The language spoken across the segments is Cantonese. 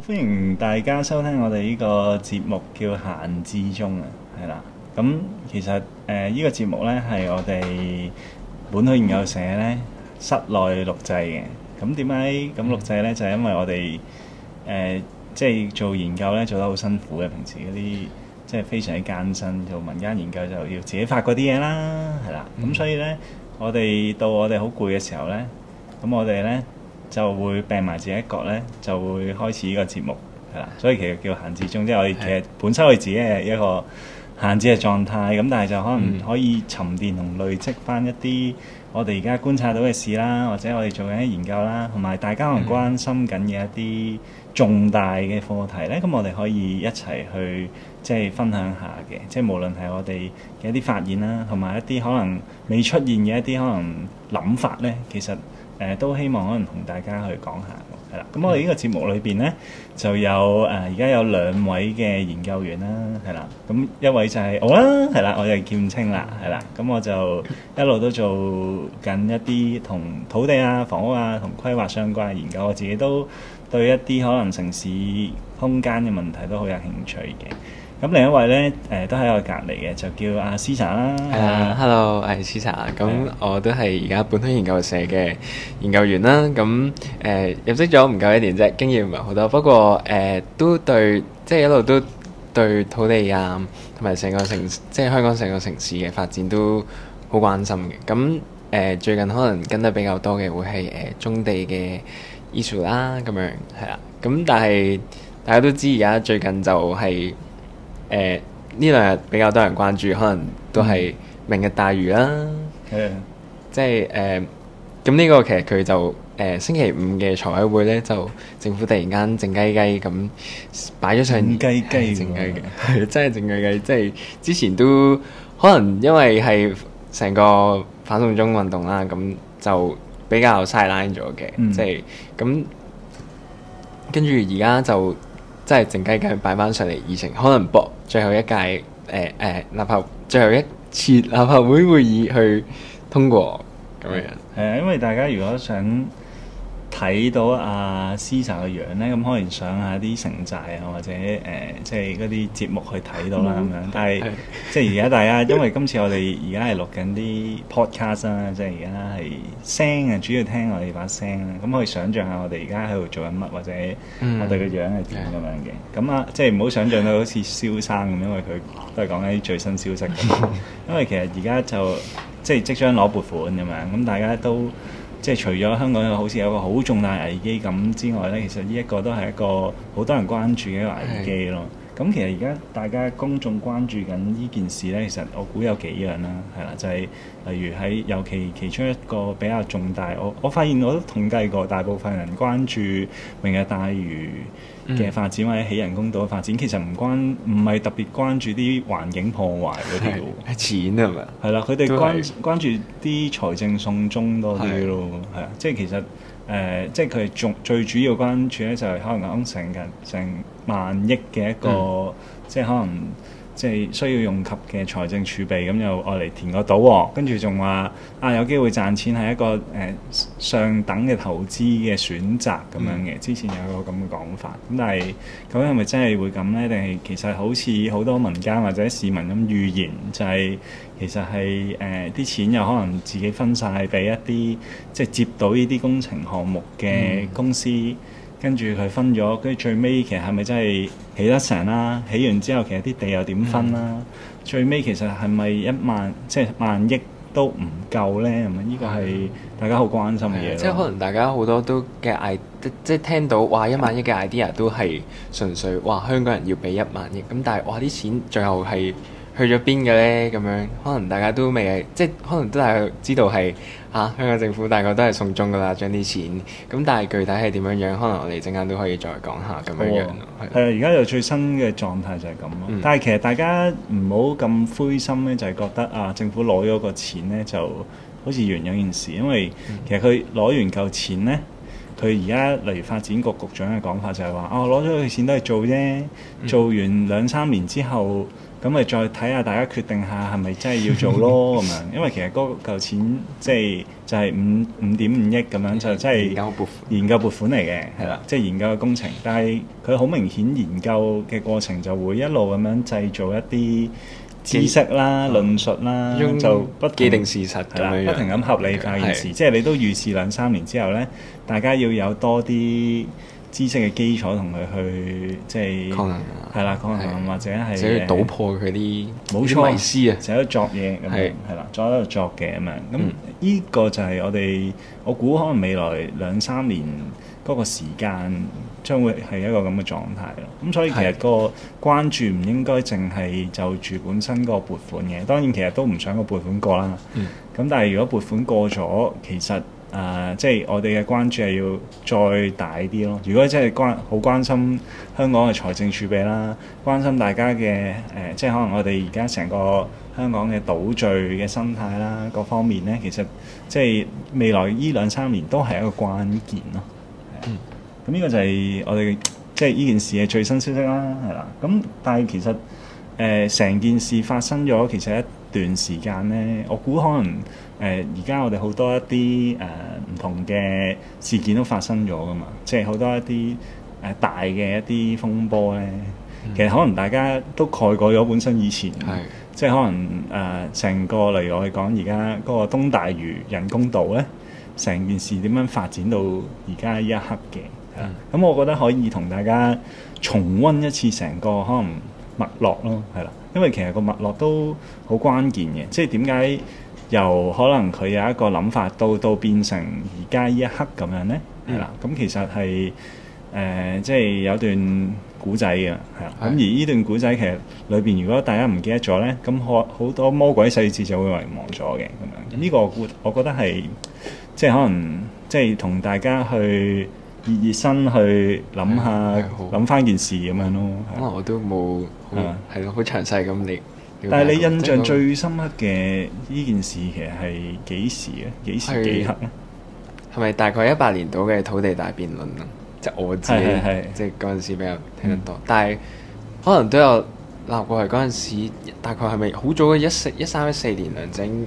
歡迎大家收聽我哋呢個節目叫閒之中啊，係啦。咁、嗯、其實誒，呢、呃這個節目呢，係我哋本土研究社呢室內錄製嘅。咁點解咁錄製呢？就係、因為我哋誒、呃，即係做研究咧做得好辛苦嘅，平時嗰啲即係非常之艱辛。做民間研究就要自己發嗰啲嘢啦，係啦。咁、嗯、所以呢，我哋到我哋好攰嘅時候呢，咁、嗯、我哋呢。就會病埋自己一角咧，就會開始呢個節目，係啦。所以其實叫閒置中，即係我哋其實本身我哋自己係一個閒置嘅狀態，咁但係就可能可以沉澱同累積翻一啲我哋而家觀察到嘅事啦，或者我哋做緊啲研究啦，同埋大家可能關心緊嘅一啲重大嘅課題咧，咁我哋可以一齊去即係分享下嘅。即係無論係我哋嘅一啲發現啦，同埋一啲可能未出現嘅一啲可能諗法咧，其實。誒、呃、都希望可能同大家去講下，係啦。咁、嗯嗯嗯、我哋呢個節目裏邊呢，就有誒而家有兩位嘅研究員啦，係啦。咁、嗯、一位就係、是、我、哦、啦，係啦，我係劍青啦，係啦。咁、嗯嗯嗯、我就一路都做緊一啲同土地啊、房屋啊、同規劃相關嘅研究。我自己都對一啲可能城市空間嘅問題都好有興趣嘅。咁另一位咧，誒、呃、都喺我隔離嘅，就叫阿 Caesar 啦。誒，hello，係 Caesar。咁我都係而家本土研究社嘅研究員啦。咁誒、呃、入職咗唔夠一年啫，經驗唔係好多。不過誒、呃、都對，即係一路都對土地啊，同埋成個城，即係香港成個城市嘅發展都好關心嘅。咁誒、呃、最近可能跟得比較多嘅會係誒、呃、中地嘅 issue 啦。咁樣係啊。咁但係大家都知而家最近就係、是。誒，呢兩日比較多人關注，可能都係明日大嶼啦。係。即係誒咁呢個其實佢就誒、呃、星期五嘅財委會咧，就政府突然間靜雞雞咁擺咗上雞雞靜雞雞，係、啊、真係靜雞雞。即係之前都可能因為係成個反送中運動啦，咁就比較 sidelined 咗嘅，即係咁跟住而家就。真係靜雞雞擺翻上嚟，議程可能博最後一屆，誒、呃、誒、呃、立法最後一次立法會會議去通過咁樣，係啊，因為大家如果想。睇到阿、啊、Caesar 嘅樣咧，咁可能想下啲城寨啊，或者誒、呃，即係嗰啲節目去睇到啦咁樣。但係、嗯、即係而家大家， 因為今次我哋而家係錄緊啲 podcast 啦、啊，即係而家係聲啊，主要聽我哋把聲啦。咁可以想象下我哋而家喺度做緊乜，或者我哋嘅樣係點咁樣嘅。咁啊，即係唔好想象到好似蕭生咁，因為佢都係講緊啲最新消息。因為其實而家就即係即，即，即，即將攞撥款咁樣，咁大家都。即係除咗香港好似有個好重大危機咁之外呢，其實呢一個都係一個好多人關注嘅一個危機咯。咁是、嗯、其實而家大家公眾關注緊呢件事呢，其實我估有幾樣啦，係啦，就係、是、例如喺尤其其中一個比較重大，我我發現我都統計過，大部分人關注明日大嶼。嘅、嗯、發展或者起人工島嘅發展，其實唔關唔係特別關注啲環境破壞嗰啲喎。錢啊嘛，係啦，佢哋關關注啲財政送中多啲咯，係啊是，即係其實誒、呃，即係佢係最主要關注咧，就係可能成日成萬億嘅一個，嗯、即係可能。即係需要用及嘅財政儲備咁又愛嚟填個島，跟住仲話啊有機會賺錢係一個誒、呃、上等嘅投資嘅選擇咁樣嘅，之前有個咁嘅講法。咁但係咁係咪真係會咁呢？定係其實好似好多民間或者市民咁預言，就係、是、其實係誒啲錢又可能自己分晒俾一啲即係接到呢啲工程項目嘅公司。嗯跟住佢分咗，跟住最尾其實係咪真係起得成啦？起完之後其實啲地又點分啦？嗯、最尾其實係咪一萬即係萬億都唔夠呢？係咪呢個係大家好關心嘅嘢？即係可能大家好多都嘅 idea，即係聽到話一萬億嘅 idea 都係純粹話香港人要俾一萬億咁，但係哇啲錢最後係，去咗邊嘅咧？咁樣可能大家都未係，即係可能都係知道係嚇、啊、香港政府大概都係送中噶啦，將啲錢。咁但係具體係點樣樣？可能我哋陣間都可以再講下咁樣樣。係啊、哦，而家就最新嘅狀態就係咁咯。嗯、但係其實大家唔好咁灰心咧，就係、是、覺得啊，政府攞咗個錢咧，就好似完咗件事，因為其實佢攞完嚿錢咧。佢而家嚟發展局局長嘅講法就係話，哦，攞咗佢錢都係做啫，做完兩三年之後，咁咪再睇下大家決定下係咪真係要做咯咁樣。 因為其實嗰嚿錢即係就係五五點五億咁樣，就真係研究撥款嚟嘅，係啦，即係研究嘅工程。但係佢好明顯研究嘅過程就會一路咁樣製造一啲。知識啦，論述啦，就不既定事實係啦、 啊，不停咁合理化言詞，的即係你都預示兩三年之後咧，大家要有多啲知識嘅基礎同佢去，即係係啦，抗衡、啊、的或者係，或者倒破佢啲冇錯迷思啊，喺度作嘢咁樣係啦，的作喺度作嘅咁樣，咁呢的、嗯、個就係我哋，我估可能未來兩三年嗰個時間。將會係一個咁嘅狀態咯，咁、嗯、所以其實個關注唔應該淨係就住本身個撥款嘅，當然其實都唔想個撥款過啦。咁、嗯、但係如果撥款過咗，其實誒即係我哋嘅關注係要再大啲咯。如果真係關好關心香港嘅財政儲備啦，關心大家嘅誒，即、呃、係、就是、可能我哋而家成個香港嘅島嶼嘅生態啦，各方面咧，其實即係未來呢兩三年都係一個關鍵咯。嗯。咁呢個就係我哋即係呢件事嘅最新消息啦，係啦。咁但係其實誒成、呃、件事發生咗，其實一段時間咧，我估可能誒而家我哋好多一啲誒唔同嘅事件都發生咗噶嘛，即係好多一啲誒、呃、大嘅一啲風波咧。嗯、其實可能大家都蓋過咗本身以前，嗯、即係可能誒成、呃、個例如我哋講而家嗰個東大嶼人工島咧，成件事點樣發展到而家一刻嘅。咁、嗯、我覺得可以同大家重溫一次成個可能脈絡咯，係啦，因為其實個脈絡都好關鍵嘅，即係點解由可能佢有一個諗法到，到到變成而家呢一刻咁樣咧？係啦、嗯，咁其實係誒、呃，即係有段古仔嘅，係啊，咁的而呢段古仔其實裏邊，如果大家唔記得咗咧，咁好好多魔鬼細節就會遺忘咗嘅，咁樣呢、呢個我覺得係即係可能即係同大家去。熱熱身去諗下，諗翻件事咁樣咯。可能我都冇，係咯，好詳細咁你，但係你印象最深刻嘅呢件事，其實係幾時咧？幾時幾刻咧？係咪大概一八年度嘅土地大辯論啊？即係我知，己，即係嗰陣時比較聽得多。但係可能都有諗過係嗰陣時，大概係咪好早嘅一四一三一四年梁振英？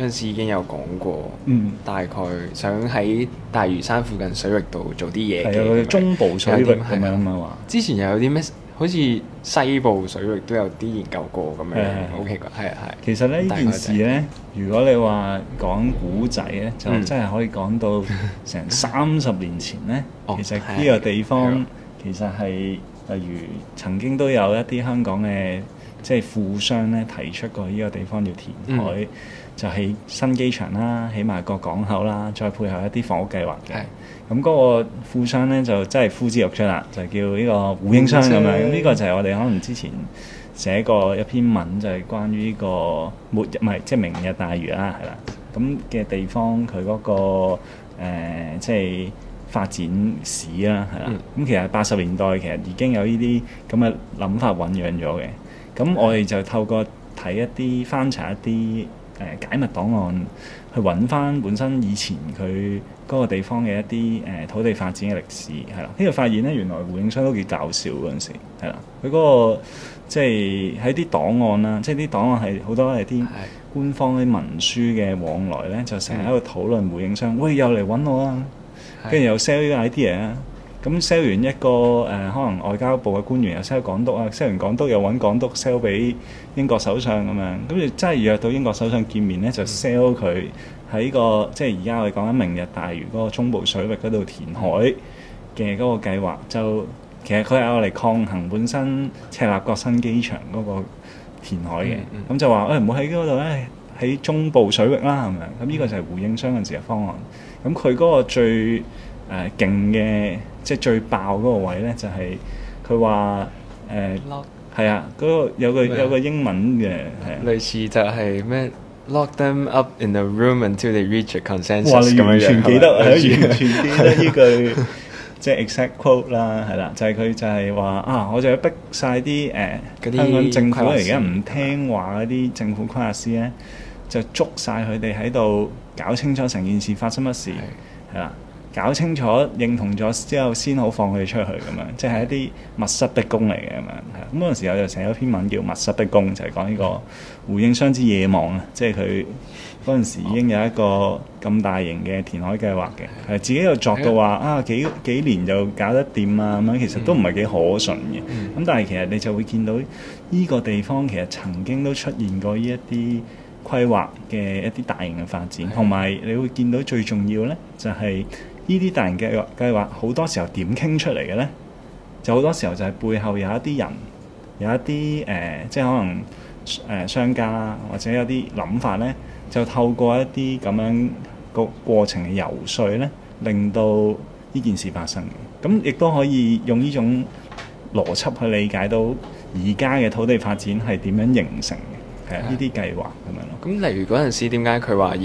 嗰陣時已經有講過，嗯，大概想喺大嶼山附近水域度做啲嘢嘅中部水域係咪咁樣話？之前又有啲咩好似西部水域都有啲研究過咁樣，好奇怪係啊係。其實呢件事呢，如果你話講古仔呢，就真係可以講到成三十年前呢。其實呢個地方其實係例如曾經都有一啲香港嘅即係富商呢提出過呢個地方要填海。就起新機場啦，起埋個港口啦，再配合一啲房屋計劃嘅。咁嗰是個富商咧就真係呼之欲出啦，就叫呢個胡英商咁樣。咁呢、嗯、個就係我哋可能之前寫過一篇文，就係關於呢個末日，唔係即係明日大魚明日大嶼啦，係啦。咁嘅地方佢嗰、那個、呃、即係發展史啦，係啦。咁、嗯、其實八十年代其實已經有呢啲咁嘅諗法醖釀咗嘅。咁我哋就透過睇一啲翻查一啲。誒解密檔案去揾翻本身以前佢嗰個地方嘅一啲誒、呃、土地發展嘅歷史，係啦，呢、這個發現咧，原來胡應湘都幾搞笑，嗰陣時，係啦，佢嗰、那個即係喺啲檔案啦、啊，即係啲檔案係好多係啲官方啲文書嘅往來咧，就成日喺度討論胡應湘，的喂又嚟揾我啊，跟住的又 sell 呢個 idea 啊。咁 sell 完一個誒、呃，可能外交部嘅官員又 sell 港督啊，sell 完港督又揾港督 sell 俾英國首相咁樣，跟、啊、住真係約到英國首相見面咧，就 sell 佢喺個、嗯、即係而家我哋講緊明日大嶼嗰個中部水域嗰度填海嘅嗰個計劃，就其實佢係我嚟抗衡本身赤鱲角新機場嗰個填海嘅，咁、嗯嗯、就話喂，唔好喺嗰度咧，喺中部水域啦，係咪？咁呢個就係胡應湘陣時嘅方案。咁佢嗰個最誒勁嘅。即係最爆嗰個位咧，就係佢話誒，係、欸、啊，嗰、那個有個有個英文嘅，啊、類似就係咩 lock them up in the room until they reach a consensus 咁樣樣，完全記得，完全記得呢、啊啊、句即係、就是、exact quote 啦，係啦、啊，就係、是、佢就係話啊，我就要逼晒啲誒香港政府而家唔聽話嗰啲政府規劃師咧，就捉晒佢哋喺度搞清楚成件事發生乜事係啦。搞清楚、認同咗之後，先好放佢哋出去咁樣，即係一啲密室的工嚟嘅嘛。係啊，咁嗰陣時候我就寫咗篇文叫《密室的工》，就係、是、講呢個胡應湘之野望啊。即係佢嗰陣時已經有一個咁大型嘅填海計劃嘅，係自己又作到話啊幾幾年就搞得掂啊咁樣，其實都唔係幾可信嘅。咁、嗯、但係其實你就會見到呢個地方其實曾經都出現過呢一啲規劃嘅一啲大型嘅發展，同埋、嗯、你會見到最重要咧就係、是。呢啲大型嘅計劃好多時候點傾出嚟嘅咧，就好多時候就係背後有一啲人有一啲誒、呃、即係可能誒、呃、商家或者有啲諗法咧，就透過一啲咁樣個過程嘅游說咧，令到呢件事發生嘅、嗯，咁亦都可以用呢種邏輯去理解到而家嘅土地發展係點樣形成嘅。呢啲計劃咁的樣咯。咁例如嗰陣時，點解佢話要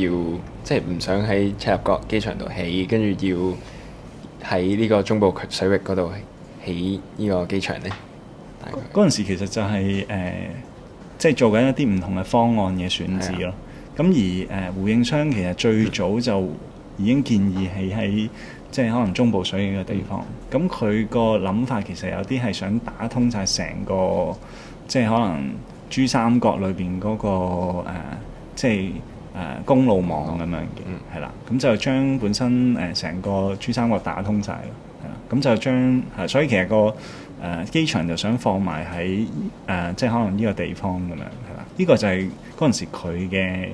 即係唔想喺赤鱲角機場度起，跟住要喺呢個中部水域嗰度起呢個機場咧？嗰陣時其實就係、是、誒，即、呃、係、就是、做緊一啲唔同嘅方案嘅選址咯。咁的而誒、呃，胡應昌其實最早就已經建議起喺即係可能中部水域嘅地方。咁佢個諗法其實有啲係想打通晒成個，即、就、係、是、可能。珠三角裏邊嗰個、呃、即係誒、呃、公路網咁樣嘅，係啦、嗯。咁就將本身誒成、呃、個珠三角打通晒，咯，係啦。咁就將係、啊，所以其實、嗰個誒、呃、機場就想放埋喺誒，即係可能呢個地方咁樣係啦。呢、呢個就係嗰陣時佢嘅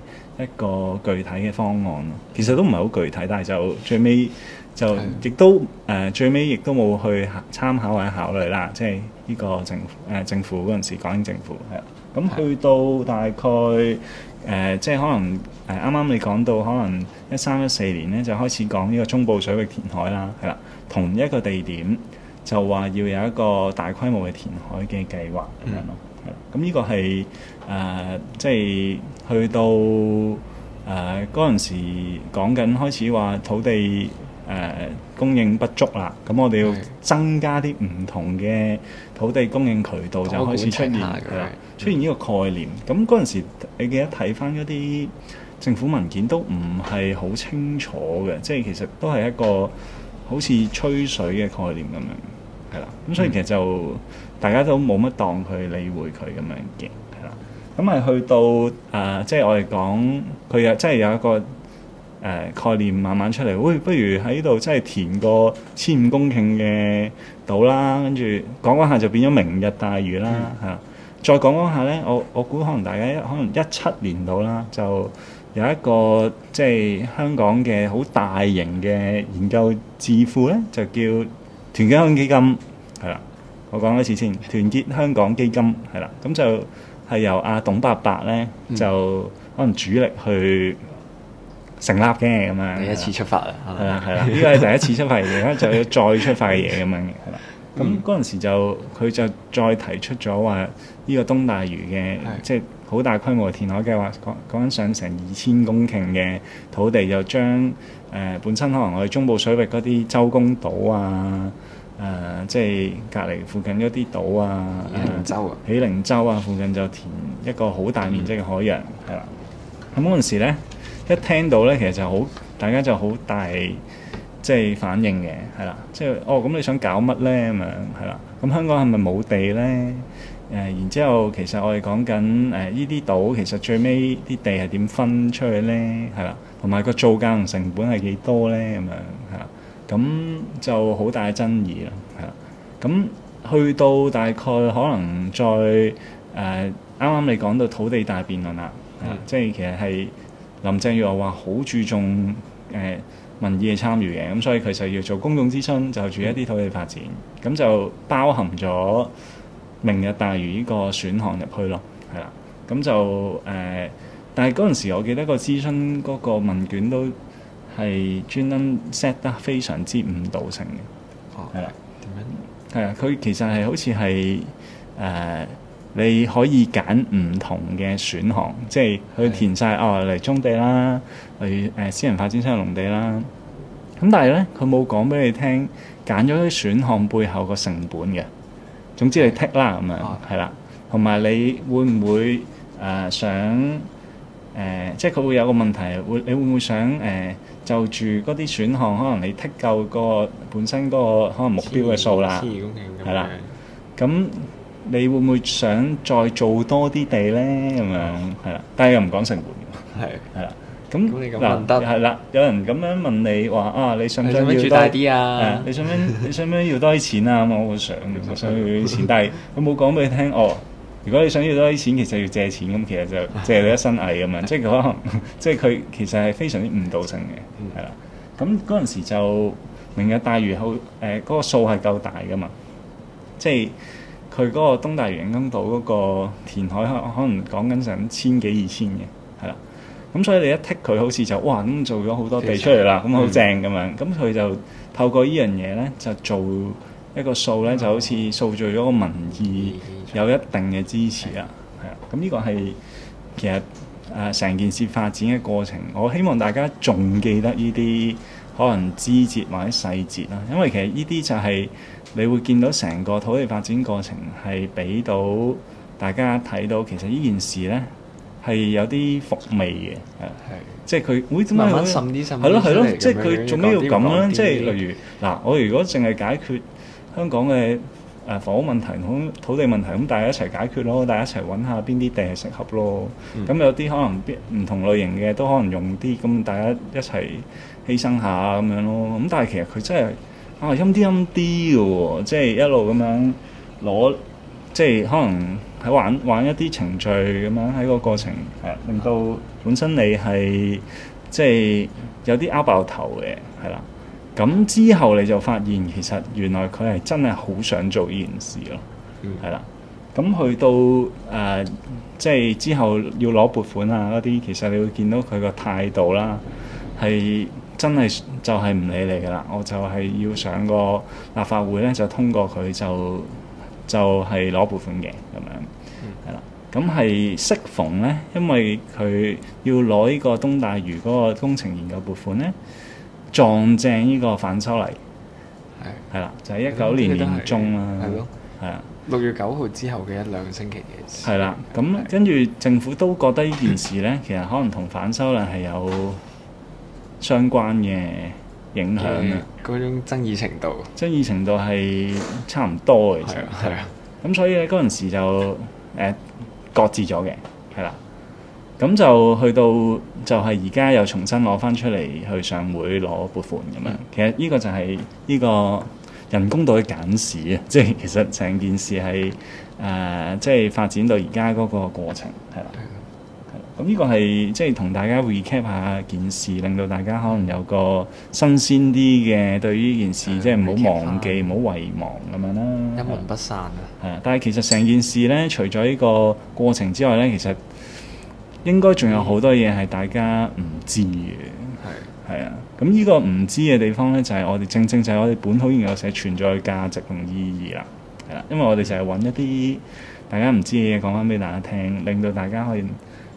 一個具體嘅方案咯。其實都唔係好具體，但係就最尾就亦的都誒、呃、最尾亦都冇去參考或者考慮啦。即係呢個政誒、呃、政府嗰陣時，港英政府係啦。咁去到大概誒、呃，即係可能誒啱啱你講到可能一三一四年咧，就開始講呢個中部水域填海啦，係啦，同一個地點就話要有一個大規模嘅填海嘅計劃，咁樣咯，係咁呢個係，誒、呃，即係去到誒嗰陣、呃、時講緊開始話土地。誒、呃、供應不足啦，咁我哋要增加啲唔同嘅土地供應渠道，的就開始出現，嗯、出現呢個概念。咁嗰陣時，你記得睇翻一啲政府文件都唔係好清楚嘅，即係其實都係一個好似吹水嘅概念咁樣，係啦。咁、嗯、所以其實就大家都冇乜當佢理會佢咁樣嘅，係啦。咁係去到誒、呃，即係我哋講佢有，即係有一個。誒、呃、概念慢慢出嚟，喂，不如喺度真係填個千五公頃嘅島啦，跟住講講下就變咗明日大嶼啦嚇、嗯。再講講下咧，我我估可能大家可能一七年到啦，就有一個即係、就是、香港嘅好大型嘅研究智庫咧，就叫團結香港基金係啦。我講一次先，團結香港基金係啦，咁就係由阿、啊、董伯伯咧就可能主力去。嗯成立嘅咁樣，第一次出發啊，係啦係啦，呢個係第一次出發嘅嘢，而家 就要再出發嘅嘢咁樣嘅，係啦。咁嗰陣時就佢就再提出咗話，呢、這個東大嶼嘅，的即係好大規模填海計劃，講講緊上成二千公頃嘅土地，就將誒、呃、本身可能我哋中部水域嗰啲周公島啊，誒、呃、即係隔離附近嗰啲島啊，喜靈洲啊，喜靈洲啊、嗯、附近就填一個好大面積嘅海洋，係啦。咁嗰陣時咧。一聽到咧，其實就好，大家就好大即係反應嘅，係啦，即係哦，咁你想搞乜咧咁樣，係啦，咁香港係咪冇地咧？誒、呃，然之後其實我哋講緊誒呢啲島，其實最尾啲地係點分出去咧？係啦，同埋個造價成本係幾多咧？咁樣嚇，咁、嗯、就好大爭議啦，係啦，咁、嗯、去到大概可能再誒啱啱你講到土地大辯論啦，即係其實係。林鄭月娥話好注重誒、呃、民意嘅參與嘅，咁所以佢就要做公眾諮詢，就住一啲土地發展，咁就包含咗明日大嶼呢個選項入去咯，係啦，咁就誒、呃，但係嗰陣時我記得個諮詢嗰個問卷都係專登 set 得非常之誤導性嘅，係啦，點樣 Okay.？係啊，佢其實係好似係誒。呃你可以揀唔同嘅選項，即係去填晒是的 哦嚟種地啦，例如私人發展商業農地啦。咁但係咧，佢冇講俾你聽揀咗啲選項背後個成本嘅。總之你剔啦咁樣，係啦、啊。同埋你會唔會誒、呃、想誒、呃？即係佢會有個問題，會你會唔會想誒、呃、就住嗰啲選項？可能你剔夠個本身嗰、那個可能目標嘅數啦，係啦。咁。你會唔會想再做多啲地咧？咁的樣係啦，但係又唔講成本㗎，係啦。咁難得係啦，有人咁樣問你話啊，你想唔想要多住多啲啊？你想唔你想唔想要多啲錢啊？咁我會想，我想要啲錢， 但係佢冇講俾你聽哦。如果你想要多啲錢，其實要借錢咁，其實就借你一身蟻咁樣，即係可能即係佢其實係非常之誤導性嘅，係啦。咁嗰陣時就明日大嶼好誒，嗰、呃嗰個數係夠大㗎嘛，即係。佢嗰個東大嶼人工島嗰個填海可能講緊成千幾二千嘅，係啦。咁所以你一剔佢，好似就哇咁做咗好多地出嚟啦，咁好場正咁樣。咁佢、嗯、就透過呢樣嘢咧，就做一個數咧，就好似數聚咗個民意有一定嘅支持啊。係啊，咁呢的的個係其實誒成、呃、件事發展嘅過程。我希望大家仲記得呢啲，可能枝節或者細節啦，因為其實呢啲就係你會見到成個土地發展過程係俾到大家睇到，其實呢件事呢係有啲伏味嘅，係即係佢會點樣滲啲滲啲，係咯，係咯，即係佢做咩要咁咧？即係例如，嗱，我如果淨係解決香港嘅誒房屋問題同土地問題，咁大家一齊解決咯，大家一齊揾下邊啲地係適合咯。咁有啲可能唔同類型嘅都可能用啲，咁大家一齊。犧牲下咁樣咯，咁但係其實佢真係啊陰啲陰啲嘅喎，即係一路咁樣攞，即係可能喺玩玩一啲程序咁樣喺個過程，係令到本身你係即係有啲拗爆頭嘅，係啦。咁之後你就發現其實原來佢係真係好想做呢件事咯，係啦。咁去到誒、呃、即係之後要攞撥款啊嗰啲，其實你會見到佢個態度啦，係。真係就係唔理你噶啦，我就係要上個立法會咧，就通過佢就就係攞撥款嘅咁樣，係啦。咁係適逢咧，因為佢要攞呢個東大嶼嗰個工程研究撥款咧，撞正呢個反修例，係係啦，就係一九年年中啦，係咯，係啊，六月九號之後嘅一兩星期嘅事，係啦。咁跟住政府都覺得呢件事咧，其實可能同反修例係有相關嘅影響啊，嗰、嗯、種爭議程度，爭議程度係差唔多嘅啫。係 啊，咁、啊、所以咧嗰陣時就誒擱、呃、置咗嘅，係啦、啊。咁就去到就係而家又重新攞翻出嚟去上會攞撥款咁樣、嗯，就是。其實呢個就係呢個人工島嘅簡史啊，即係其實成件事係誒即係發展到而家嗰個過程係啦。咁呢個係即係同大家 recap 下件事，令到大家可能有個新鮮啲嘅對於件事，是即係唔好忘記，唔好遺忘咁樣啦。一門不散啊！係啊，但係其實成件事咧，除咗呢個過程之外咧，其實應該仲有好多嘢係大家唔知嘅。係係啊，咁呢的個唔知嘅地方咧，就係、是、我哋正正就係我哋本土研究社存在價值同意義啦。係啦，因為我哋成日揾一啲大家唔知嘅嘢講翻俾大家聽，令到大家可以。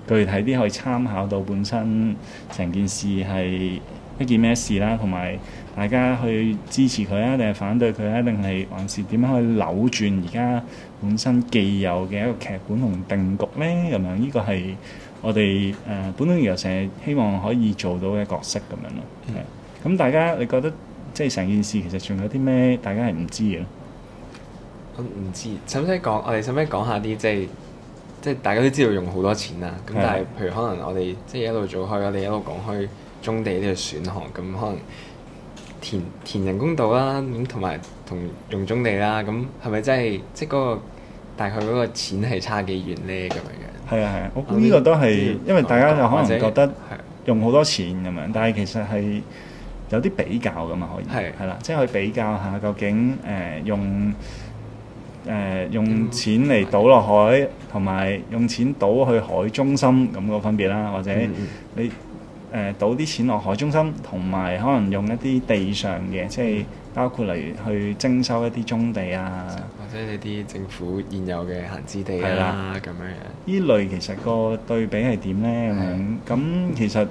具體啲可以參考到本身成件事係一件咩事啦，同埋大家去支持佢啊，定係反對佢啊，定係還是點樣去扭轉而家本身既有嘅一個劇本同定局咧？咁樣呢、這個係我哋誒、呃、本土研究社成日希望可以做到嘅角色咁樣咯。咁、嗯嗯、大家你覺得即係成件事其實仲有啲咩大家係唔知嘅？我唔知，使唔使講？我哋使唔使講下啲即係？即係大家都知道用好多錢啦、啊，咁但係譬如可能我哋即係一路做開，我哋一路講開棕地呢個選項，咁可能填填人工島啦，咁同埋同用棕地啦，咁係咪真係即係、那、嗰個大概嗰個錢係差幾遠咧咁樣樣？係啊係啊，我估呢個都係因為大家就可能覺得用好多錢咁樣，但係其實係有啲比較咁嘛可以係係啦，即係去比較下究竟誒、呃、用。誒、呃、用錢嚟倒落海，同埋用錢倒去海中心咁個分別啦，或者你誒倒啲錢落海中心，同埋可能用一啲地上嘅，即係包括嚟去徵收一啲棕地啊，或者你啲政府現有嘅閒置地啦、啊，咁樣的樣。呢類其實個對比係點呢？咁咁的其實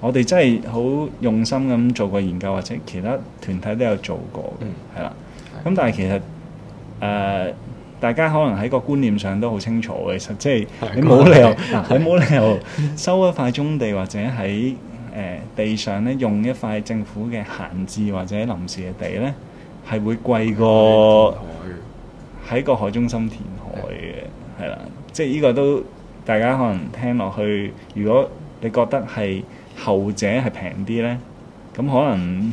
我哋真係好用心咁做過研究，或者其他團體都有做過嘅，係啦的。咁的但係其實。誒，uh, 大家可能喺個觀念上都好清楚，其實即係你冇理由， 你冇理由收一塊宗地或者喺誒、呃、地上咧用一塊政府嘅閒置或者臨時嘅地咧，係會貴過喺個海中心填海嘅，係啦的，即係呢個都大家可能聽落去，如果你覺得係後者係平啲咧，咁可能。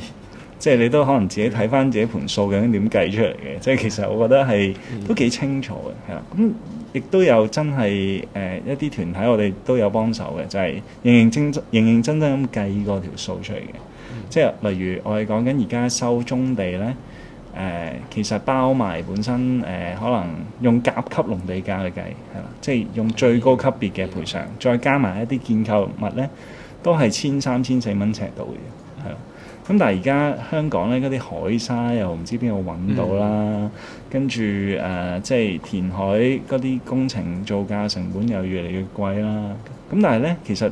即係你都可能自己睇翻自己盤數究竟點計出嚟嘅，即係其實我覺得係都幾清楚嘅，係啦。咁亦都有真係誒、呃、一啲團體，我哋都有幫手嘅，就係、是、認認真真認認真真咁計嗰條數出嚟嘅。嗯、即係例如我哋講緊而家收棕地咧，誒、呃、其實包埋本身誒、呃、可能用甲級農地價去計，係啦，即係用最高級別嘅賠償，嗯、再加埋一啲建構物咧，都係千三千四蚊尺度嘅，係啦。咁但係而家香港咧嗰啲海沙又唔知邊度揾到啦，嗯、跟住誒即係填海嗰啲工程造價成本又越嚟越貴啦。咁但係咧，其實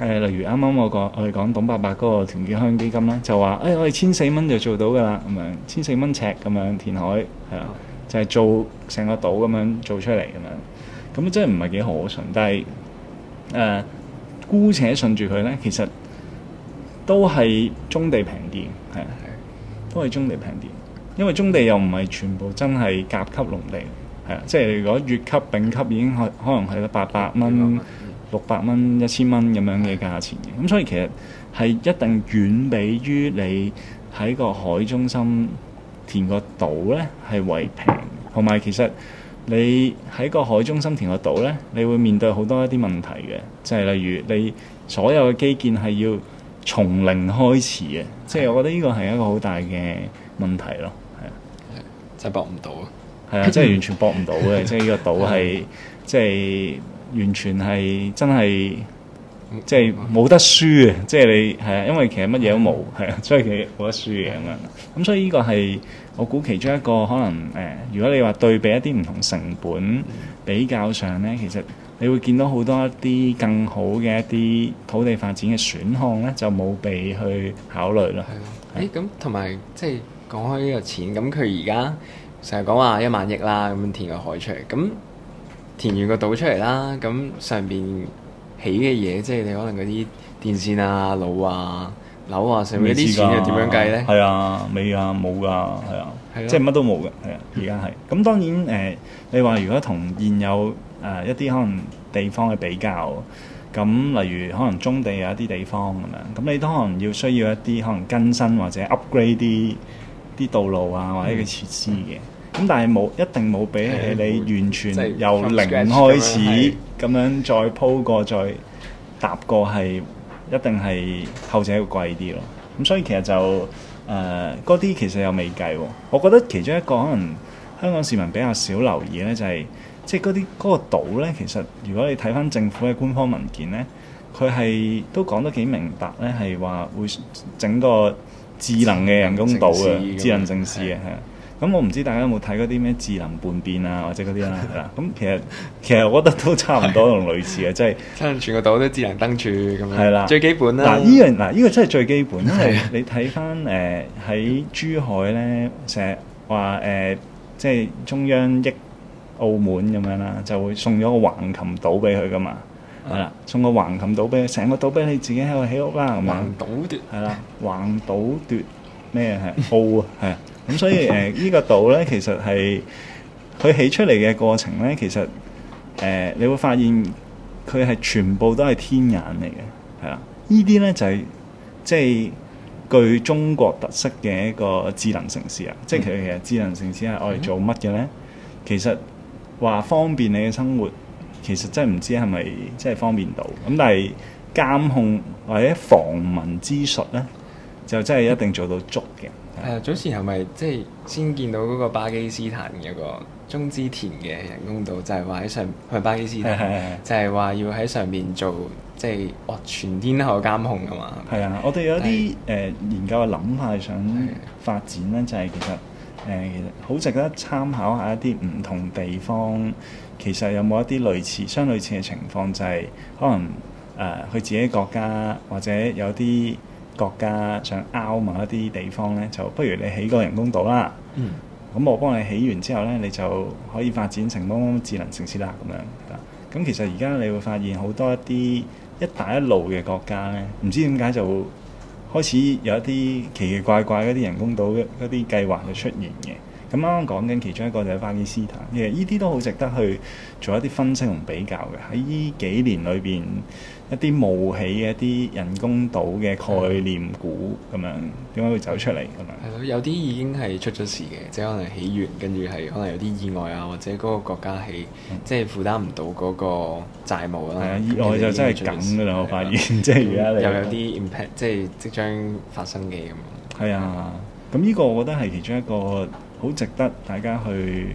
誒例如啱啱我講我哋講董伯伯嗰個團結香港基金啦，就話誒我哋千四蚊就做到㗎啦，咁樣千四蚊尺咁樣填海係啊，就係做成個島咁樣做出嚟咁樣，咁真係唔係幾可信。但係誒姑且順住佢咧，其實，呃都係中地平啲，係啊，係都係中地平啲，因為中地又唔係全部真係甲級農地，係啊，即係如果乙級、丙級已經可可能係得八百蚊、六百蚊、一千蚊咁樣嘅價錢嘅，咁的所以其實係一定遠比於你喺個海中心填個島咧係為平，同埋其實你喺個海中心填個島咧，你會面對好多一啲問題嘅，即係例如你所有嘅基建係要。從零開始嘅，即係我覺得呢個係一個好大嘅問題咯，係啊，真係博唔到啊，係啊，即係完全博唔到嘅，即係呢個賭係，即係完全係真係，即係冇得輸嘅，即係你係啊，因為其實乜嘢都冇，係啊，所以佢冇得輸嘅咁樣。咁所以呢個係我估其中一個可能誒、呃，如果你話對比一啲唔同成本比較上咧，其實。你會見到好多一啲更好嘅一啲土地發展嘅選項咧，就冇被去考慮咯。係咯的，誒咁同埋即係講開呢個錢，咁佢而家成日講話一萬億啦，咁填個海出嚟，咁填完個島出嚟啦，咁上邊起嘅嘢，即係你可能嗰啲電線啊、路啊、樓啊，上面啲錢係點、啊、樣計咧？係啊，未啊冇噶，係啊，即係乜都冇㗎，係啊，而家係。咁 當然誒、呃，你話如果同現有誒、呃、一啲可能地方嘅比較，咁、嗯、例如可能中地有一啲地方咁樣，咁、嗯、你都可能要需要一啲可能更新或者 upgrade 啲啲道路啊或者嘅設施嘅，咁、嗯、但係冇一定冇比起你完全的由零開始咁樣再鋪過再搭過係一定係後者要貴啲咯，咁、嗯、所以其實就誒嗰啲其實又未計喎，我覺得其中一個可能香港市民比較少留意咧就係、是。即係嗰啲嗰個島咧，其實如果你睇翻政府嘅官方文件咧，佢係都講得幾明白咧，係話會整個智能嘅人工島啊，智能城市嘅，係啊。咁我唔知大家有冇睇嗰啲咩智能叛變啊，或者嗰啲啦，係啦。咁其實其實我覺得都差唔多同類似嘅，即係全個島都智能燈柱咁樣。係啦，最基本啦。嗱依樣嗱呢個真係最基本，因為你睇翻誒喺珠海咧成日話誒，即係中央一。澳門咁樣啦，就會送咗個橫琴島俾佢噶嘛，係啦、嗯，送個橫琴島俾佢，成個島俾你自己喺度起屋啦橫，橫島奪係啦，橫島奪，咩係澳啊係啊，咁所以誒呢、呃這個島咧其實係佢起出嚟嘅過程咧，其實誒、呃、你會發現佢係全部都係天眼嚟嘅，係啦，呢啲咧就係即係具中國特色嘅一個智能城市啊，即係其實智能城市係我嚟做乜嘅咧，其實。話方便你嘅生活，其實真係唔知係咪真係方便到咁，但係監控或者防民之術咧，就真係一定做到足嘅。係、就、啊、是，早前係咪即係先見到嗰個巴基斯坦嘅個中之田嘅人工島，就係話喺上，係巴基斯坦就，的就係話要喺上邊做，即係哇，全天候監控㗎嘛。係啊，我哋有一啲誒的、呃、研究嘅諗法，想發展咧的，就係、是、其實。誒，好、呃、值得參考下一啲唔同地方，其實有冇一啲類似、相類似嘅情況，就係、是、可能誒，佢、呃、自己國家或者有啲國家想拗某一啲地方呢？就不如你起個人工島啦。嗯。咁我幫你起完之後呢，你就可以發展成某某智能城市啦咁樣。咁其實而家你會發現好多一啲一帶一路嘅國家呢，唔知點解就～開始有一啲奇奇怪怪嗰啲人工島嗰啲計劃嘅出現嘅，咁啱啱講緊其中一個就係巴基斯坦嘅，呢啲都好值得去做一啲分析同比較嘅，喺呢幾年裏邊。一啲冒起嘅一啲人工島嘅概念股咁的樣，點解會走出嚟咁樣？係咯，有啲已經係出咗事嘅，即係可能起源，跟住係可能有啲意外啊，或者嗰個國家係、嗯、即係負擔唔到嗰個債務啦。係啊，意外就真係咁噶啦，的我發的現。即係而家又有啲 impact，即係即將發生嘅咁樣。係啊的，咁呢、嗯、個我覺得係其中一個好值得大家去。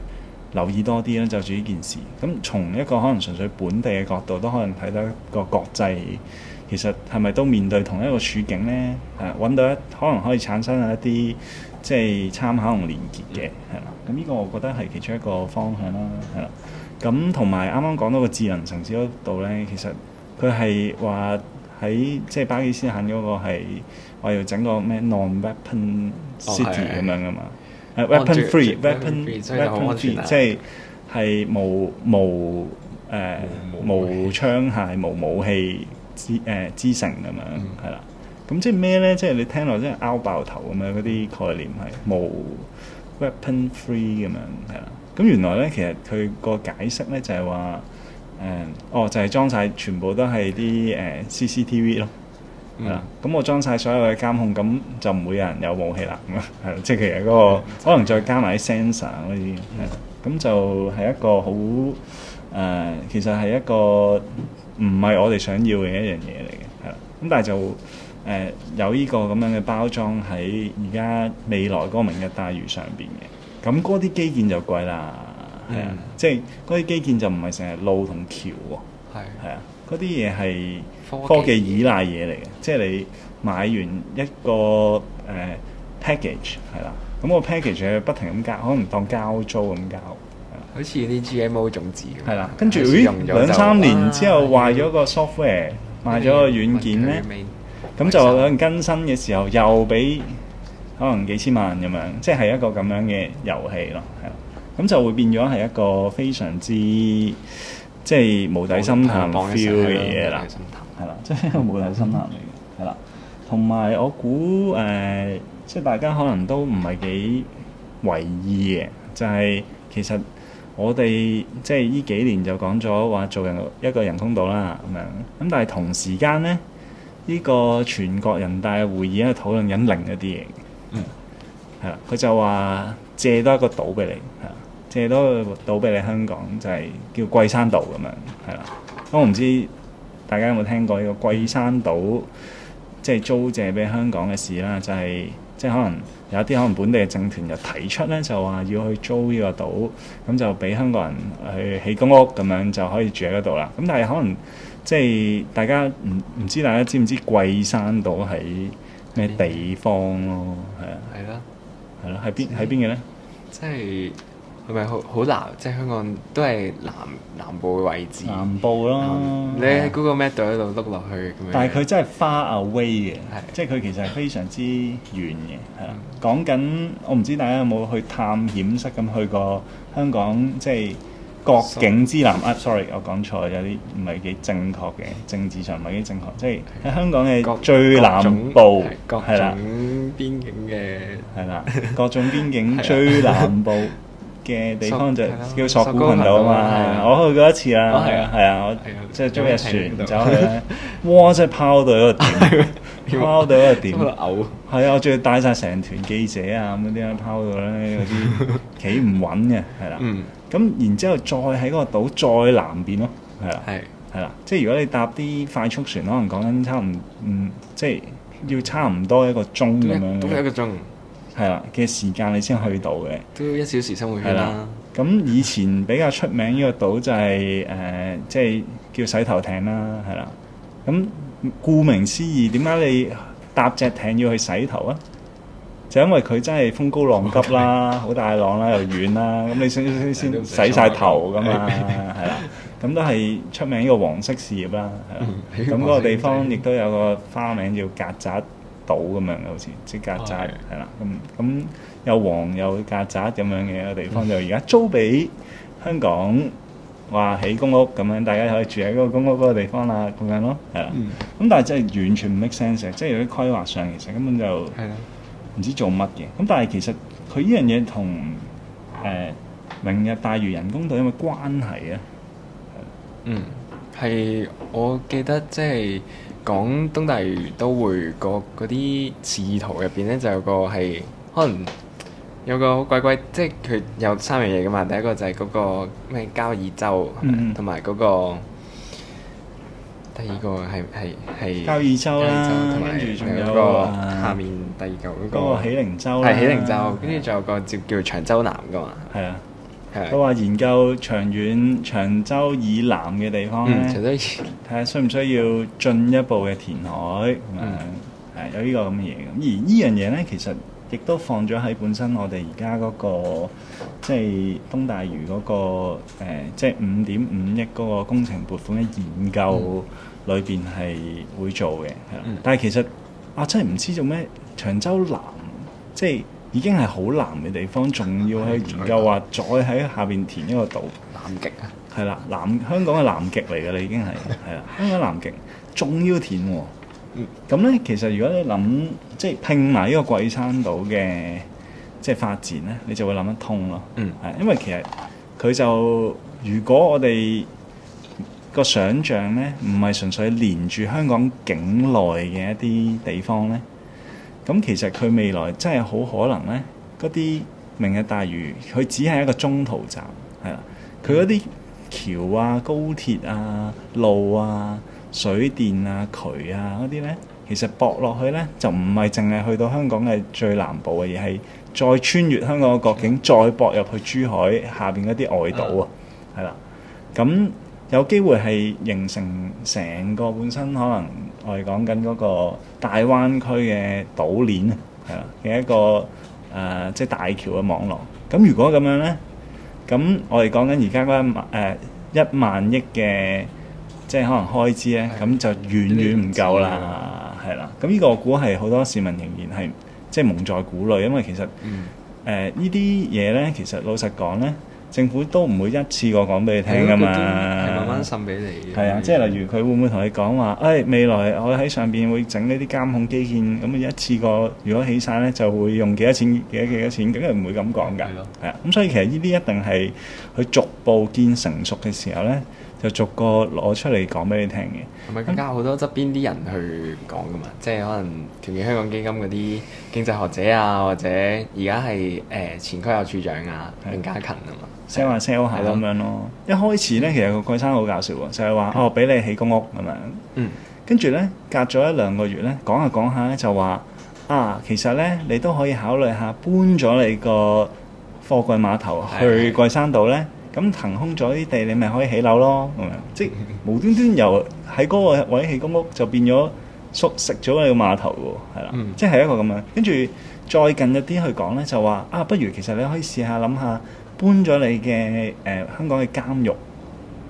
留意多啲啦，就住呢件事。咁從一個可能純粹本地嘅角度，都可能睇到一個國際，其實，係咪都面對同一個處境咧？誒、啊，揾到一可能可以產生一啲即係參考同連結嘅，係啦。咁呢個我覺得係其中一個方向啦，係啦。咁同埋啱啱講到個智能城市嗰度咧，其實，佢係話，喺即係巴基斯坦嗰個係話要整個咩 non weapon city 咁、哦、樣噶嘛。誒、uh, weapon free，weapon weapon, weapon f free, 即係係無無誒、uh, 無，武無槍械無武器之誒之城咁樣，係啦、嗯。咁即係咩咧？即係你聽落即係拗爆頭咁樣嗰啲概念係無 weapon free 咁樣，係啦。咁原來咧其實佢個解釋咧就係話誒，哦就係、是、裝晒全部都係啲誒 CCTV 咯。係啦，咁、嗯嗯嗯、我裝晒所有嘅監控，咁就唔會有人有武器啦。咁即係其實嗰、嗰個、嗯、可能再加埋啲 sensor 嗰啲，係咁、嗯、就係一個好誒、呃，其實係一個唔係我哋想要嘅一、呃、一樣嘢嚟嘅，係啦。咁但係就誒有呢個咁樣嘅包裝喺而家未來嗰個明日大嶼上邊嘅，咁嗰啲基建就貴啦，係啊，即係嗰啲基建就唔係成日路同橋喎，係啊，嗰啲嘢係。科技依賴嘢嚟嘅，即係你買完一個誒、uh, package 係啦，咁個 package 係不停咁交，可能當交租咁交，好似啲 GMO 種子係啦。跟住，咦，兩三年之後壞咗個 software，壞咗個軟件咧，咁就兩更新嘅時候又俾可能幾千萬咁樣，即係一個咁樣嘅遊戲咯，係啦。咁就會變咗係一個非常之即係無底深潭 feel 嘅嘢啦。係啦、 呃，即係一個無底深潭嚟嘅，係啦。同埋我估誒，即係大家可能都唔係幾為意嘅，就係、是、其實我哋即係呢幾年就講咗話做人一個人工島啦咁樣。咁但係同時間咧，呢、這個全國人大嘅會議喺度討論緊另一啲嘢。嗯，係啦，佢就話借多一個島俾你，係啊，借多一個島俾你香港，就係、是、叫桂山島咁樣，係啦。我唔知。大家有冇聽過呢個桂山島即係租借俾香港嘅事啦？就係、是、即係可能有一啲可能本地嘅政團就提出咧，就話要去租呢個島，咁就俾香港人去起公屋咁樣就可以住喺嗰度啦。咁但係可能即係大家唔唔知大家知唔知桂山島喺咩地方咯？係啊的，係啦的，係啦的，喺邊喺邊嘅咧？即係。係咪好好難？即係香港都係南南部嘅位置。南部咯，嗯、你喺 Google Map 度一度碌落去。咁樣，但係佢真係 far away 嘅，的即係佢其實係非常之遠嘅。係啊，講緊、嗯、我唔知大家有冇去探險室咁去過香港，即係國境之南啊 sorry？Sorry，我講錯有啲唔係幾正確嘅，政治上唔係幾正確。即係喺香港嘅最南部，係啦，邊境嘅係啦，各種邊境最南部。 嘅地方就叫索罟羣島嘛，我去過一次啊，係啊係啊，我即係租隻船走去，哇！即係拋到一個點，拋到一個點，我嘔。係啊，我仲要帶晒成團記者啊咁嗰啲啊，拋到咧嗰啲企唔穩嘅，係啦。咁然之後再喺個島再南邊咯，係啦，係啦。即係如果你搭啲快速船，可能講緊差唔唔，即係要差唔多一個鐘咁樣。都一個鐘。係啦，嘅時間你先去到嘅，都要一小時生活圈啦。咁以前比較出名呢個島就係、是、誒、即、呃、係、就是、叫洗頭艇啦，係啦。咁顧名思義，點解你搭隻艇要去洗頭啊？就因為佢真係風高浪急啦，好 Okay. 大浪啦，又遠啦。咁你先先 洗晒頭噶嘛，係啦。 咁都係出名呢個黃色事業啦，係啦。咁嗰 個地方亦都有個花名叫曱甴。島咁樣嘅好似即係曱甴係啦，咁咁有黃又曱甴咁樣嘅一個地方，就而家租俾香港話起公屋咁樣，大家可以住喺嗰個公屋嗰個地方啦咁樣咯，係啦。咁但係真係完全唔 make sense，即係有啲規劃上其實根本就係啦唔知做乜嘢。咁但係其實佢呢樣嘢同誒明日大嶼人工島有咩關係咧？嗯，係我記得即係，講東大嶼都會嗰啲示意圖入邊咧，就有個係可能有個好鬼鬼，即係佢有三樣嘢嘅嘛。第一個就係嗰、嗰個咩交椅洲，同埋嗰個第二個係係係交椅洲，椅洲啦，同埋仲有下面第二嚿嗰個喜靈洲，係喜靈洲，跟住仲有個叫的叫，叫長洲南嘅嘛，係啊。佢話研究長遠長洲以南嘅地方咧，睇下需唔需要進一步嘅填海，誒、嗯、有、這個、樣呢個咁嘅嘢。咁而呢樣嘢咧，其實亦都放咗喺本身我哋而家嗰個即係東大嶼嗰、那個、呃、即係五點五億嗰個工程撥款嘅研究裏邊係會做嘅、嗯。但係其實啊，真係唔知做咩長洲南即係。已經係好南嘅地方，仲要去研究話再喺下邊填一個島。南極啊！係啦，南香港嘅南極嚟嘅啦，已經係係啦，香港南極仲要填喎。咁咧、嗯，其實如果你諗即係拼埋呢個桂山島嘅即係發展咧，你就會諗得通咯。嗯。係，因為其實佢就如果我哋個想像咧，唔係純粹連住香港境內嘅一啲地方咧。咁其實佢未來真係好可能咧，嗰啲明日大嶼佢只係一個中途站，係啦。佢嗰啲橋啊、高鐵啊、路啊、水電啊、渠啊嗰啲咧，其實駁落去咧就唔係淨係去到香港嘅最南部嘅，而係再穿越香港嘅國境，再駁入去珠海下邊嗰啲外島啊，係啦。咁有機會係形成成個本身可能。我哋講緊嗰個大灣區嘅島鏈啊，係啦嘅一個誒、呃，即係大橋嘅網絡。咁如果咁樣咧，咁我哋講緊而家嗰一萬億嘅即係可能開支咧，咁的就遠遠唔夠啦，係啦。咁呢個我估係好多市民仍然係即係蒙在鼓裏，因為其實誒、嗯呃、呢啲嘢咧，其實老實講咧。政府都唔會一次過講俾你聽㗎的嘛，係慢慢滲俾你啊，即係的例如佢會唔會同你講話，誒、哎、未來我喺上邊會整呢啲監控基建，咁一次過如果起晒咧，就會用幾多錢幾多幾多錢，梗係唔會咁講㗎。係咯，係啊，咁的所以其實呢啲一定係佢逐步見成熟嘅時候咧，就逐個攞出嚟講俾你聽嘅，咁啊、嗯、加好多側邊啲人去講噶嘛，即係可能團結香港基金嗰啲經濟學者啊，或者而家係誒前區有處長啊，對更加近啊嘛，sell 是是下 sell 下咁樣咯。對一開始咧，嗯、其實個桂山好搞笑喎，就係、是、話哦，俾你起公屋咁樣，嗯，跟住咧隔咗一兩個月咧，講下講下咧就話啊，其實咧你都可以考慮下搬咗你個貨櫃碼頭去桂山度咧。嗯嗯嗯咁騰空咗啲地，你咪可以起樓咯，係咪？即係無端端由喺嗰個位起公屋，就變咗縮食咗你個碼頭喎，係啦，嗯、即係一個咁樣。跟住再近一啲去講咧，就話啊，不如其實你可以試下諗下，搬咗你嘅誒香港嘅監獄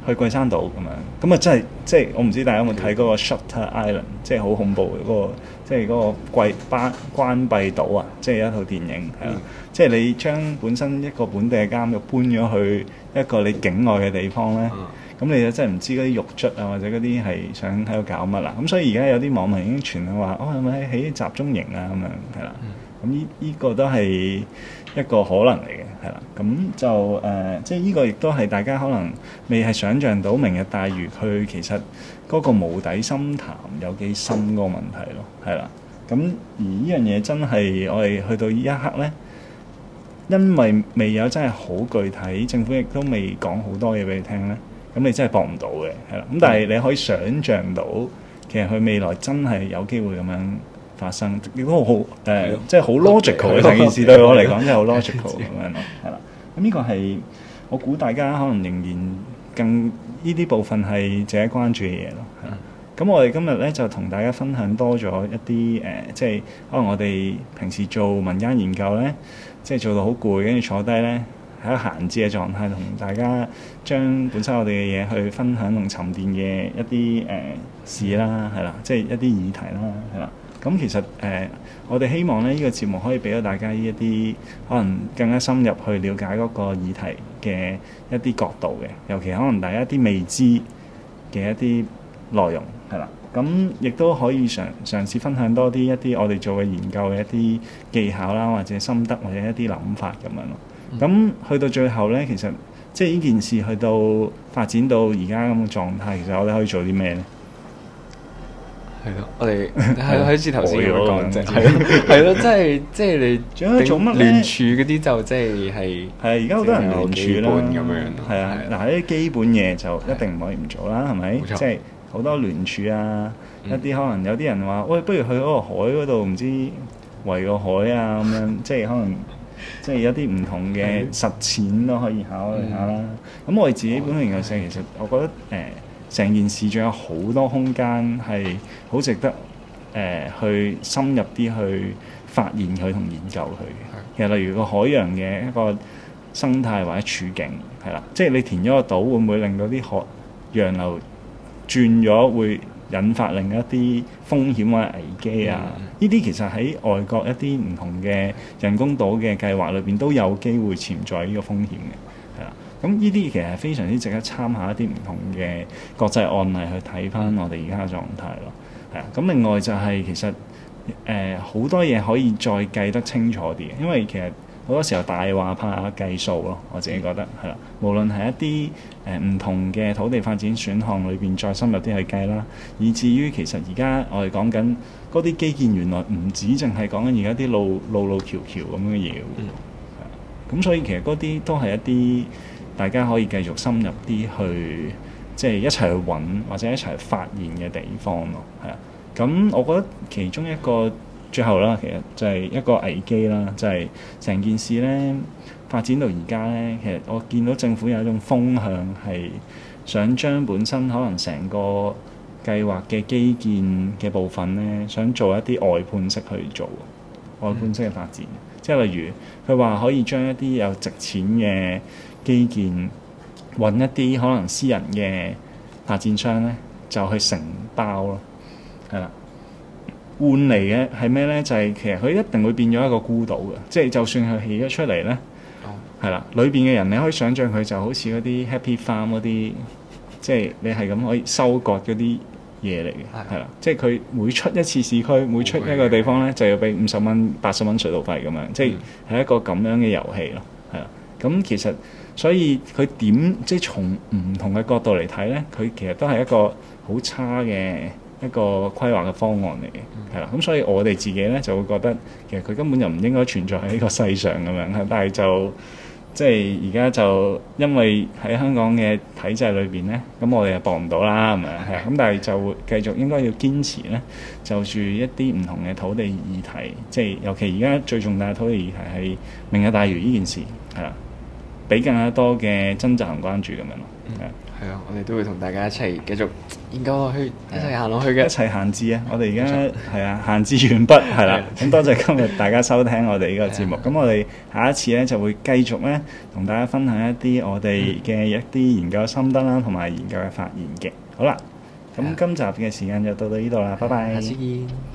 去桂山島咁樣，咁啊真係即係我唔知大家有冇睇嗰個 Shutter Island，即係好恐怖嘅嗰、嗰個，即係嗰個桂關關閉島啊，即係一套電影係啦，嗯、即係你將本身一個本地嘅監獄搬咗去。一個你境外嘅地方咧，咁、mm hmm。嗯、你就真係唔知嗰啲獄卒啊，或者嗰啲係想喺度搞乜啦、啊？咁、嗯、所以而家有啲網民已經傳話，哦係咪喺集中營啊？咁樣係啦，咁呢依個都係一個可能嚟嘅，係啦。咁、嗯、就誒、呃，即係呢個亦都係大家可能未係想像到，明日大嶼佢其實嗰個無底深潭有幾深個問題咯，係啦。咁、mm hmm。而呢樣嘢真係我哋去到呢一刻咧。因為未有真係好具體，政府亦都未講好多嘢俾你聽咧，咁你真係駁唔到嘅，係啦。咁但係你可以想象到，其實佢未來真係有機會咁樣發生。亦都好誒，呃、的即係好 logical 嘅的件事，對我嚟講 的真係好 logical 咁 樣咯，係啦。咁呢個係我估大家可能仍然更呢啲部分係值得關注嘅嘢咯。咁我哋今日咧就同大家分享多咗一啲誒、呃，即係可能我哋平時做民間研究咧。即係做到好攰，跟住坐低咧喺閒置嘅狀態，同大家將本身我哋嘅嘢去分享同沉澱嘅一啲誒、呃、事啦，係啦，即係一啲議題啦，係啦。咁其實誒、呃，我哋希望咧呢、這個節目可以俾到大家呢一啲可能更加深入去了解嗰個議題嘅一啲角度嘅，尤其可能大家一啲未知嘅一啲內容係啦。咁亦都可以嘗嘗試分享多啲一啲我哋做嘅研究嘅一啲技巧啦，或者心得或者一啲諗法咁樣咯。咁去到最後咧，其實即係呢件事去到發展到而家咁嘅狀態，其實我哋可以做啲咩咧？係咯，我哋係好似頭先講嘅，係咯，即係即係你做乜聯署嗰啲就即係係係而家好多人聯署啦咁樣，係啊嗱呢啲基本嘢就一定唔可以唔做啦，係咪？即係。好多聯署啊！嗯、一啲可能有啲人話：喂，不如去嗰個海嗰度，唔知圍個海啊咁樣，即係可能即係一啲唔同嘅實踐都可以考慮下啦。咁、嗯、我哋自己本身研究社其實，我覺得誒成、呃、件事仲有好多空間係好值得誒、呃、去深入啲去發現佢同研究佢嘅。其實例如個海洋嘅一個生態或者處境係啦，即係你填咗個島，會唔會令到啲海洋流？轉咗會引發另一啲風險或者危機啊！呢啲、嗯、其實喺外國一啲唔同嘅人工島嘅計劃裏邊都有機會潛在呢個風險嘅，係啦。咁呢啲其實非常之值得參考一啲唔同嘅國際案例去睇翻我哋而家嘅狀態咯，係啦。咁另外就係其實誒好、呃、多嘢可以再計得清楚啲，因為其實。好多時候大話怕計數咯，我自己覺得係啦。無論係一啲誒唔同嘅土地發展選項裏邊，再深入啲去計啦。以至於其實而家我哋講緊嗰啲基建，原來唔止淨係講緊而家啲路路路橋橋咁嘅嘢。係啊。咁所以其實嗰啲都係一啲大家可以繼續深入啲去，即係一齊去揾或者一齊去發現嘅地方咯。係啊。咁我覺得其中一個。最後啦，其實就係一個危機啦，就係、是、成件事咧發展到而家咧，其實我見到政府有一種風向係想將本身可能成個計劃嘅基建嘅部分咧，想做一啲外判式去做外判式嘅發展，嗯、即係例如佢話可以將一啲有值錢嘅基建搵一啲可能私人嘅發展商咧，就去承包咯，係啦。換嚟嘅係咩咧？就係、是、其實佢一定會變咗一個孤島嘅，即、就、係、是、就算佢起咗出嚟咧，係啦、oh.，裏邊嘅人你可以想象佢就好似嗰啲 Happy Farm 嗰啲，即、就、係、是、你係咁可以收割嗰啲嘢嚟嘅，係啦、oh.，即係佢每出一次市區，每出一個地方咧，就要俾五十蚊、八十蚊隧道費咁樣，即係係一個咁樣嘅遊戲咯，係啦。咁其實所以佢點即係從唔同嘅角度嚟睇咧，佢其實都係一個好差嘅。一個規劃嘅方案嚟嘅，係啦，咁所以我哋自己咧就會覺得，其實佢根本就唔應該存在喺呢個世上咁樣。但係就即係而家就因為喺香港嘅體制裏邊咧，咁我哋就博唔到啦，係咪啊？咁，但係就繼續應該要堅持咧，就住一啲唔同嘅土地議題，即係尤其而家最重大土地議題係明日大嶼呢件事，係啦，畀更加多嘅爭執同關注咁樣咯，係係啊，我哋都會同大家一齊繼續研究落去，的一齊行落去嘅。一齊行字啊！我哋而家係啊，行字 完畢係啦。咁 多謝今日大家收聽我哋呢個節目。咁的我哋下一次咧就會繼續咧同大家分享一啲我哋嘅一啲研究心得啦，同埋研究嘅發現嘅。好啦，咁的今集嘅時間就到到呢度啦，的拜拜。下次見。